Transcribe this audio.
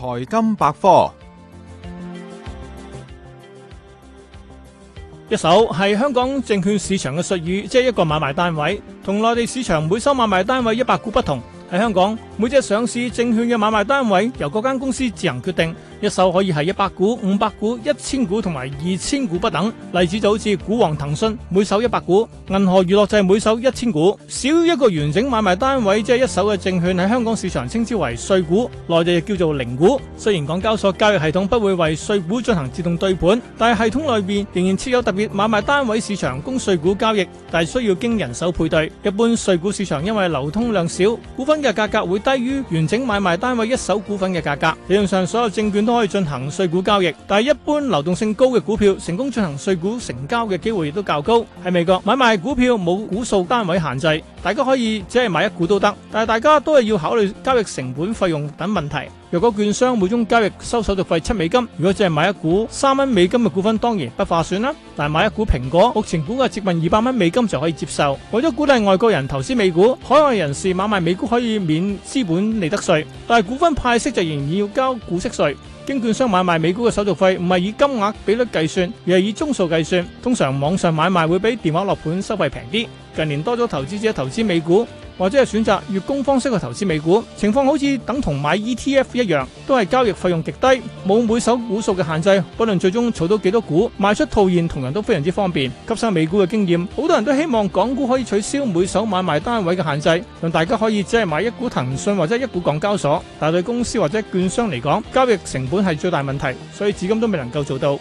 財金百科。一手係香港證券市場嘅術語，即係一個買賣單位，同內地市場每手買賣單位一百股不同。喺香港，每隻上市證券嘅買賣單位由各間公司自行決定，一手可以係一百股、五百股、一千股同埋二千股不等。例子就好似股王騰訊每手一百股，銀河娛樂就係每手一千股。少於一個完整買賣單位即係、就是、一手嘅證券喺香港市場稱之為碎股，內地亦叫做零股。雖然港交所交易系統不會為碎股進行自動對盤，但係系統內邊仍然設有特別買賣單位市場供碎股交易，但係需要經人手配對。一般碎股市場因為流通量少，股份嘅價格會低於完整買賣單位一手股份嘅價格，理論上所有證券都可以進行碎股交易，但係一般流動性高嘅股票，成功進行碎股成交嘅機會亦都較高。喺美國買賣股票冇股數單位限制。大家可以只係買一股都得，但係大家都係要考慮交易成本、費用等問題。若果券商每宗交易收手續費七美金，如果只係買一股三蚊美金嘅股份，當然不划算啦。但係買一股蘋果，目前股價接近二百蚊美金就可以接受。為咗鼓勵外國人投資美股，海外人士買賣美股可以免資本利得稅，但係股份派息就仍然要交股息稅。經券商買賣美股嘅手續費唔係以金額比率計算，而係以宗數計算。通常網上買賣會比電話落盤收費平啲。近年多咗投資者投資美股。或者係選擇月供方式去投資美股，情況好似等同買 ETF 一樣，都係交易費用極低，冇每手股數嘅限制，不論最終儲到幾多股，賣出套現同樣都非常之方便。吸收美股嘅經驗，好多人都希望港股可以取消每手買賣單位嘅限制，讓大家可以只係買一股騰訊或者一股港交所。但係對公司或者券商嚟講，交易成本係最大問題，所以至今都未能夠做到。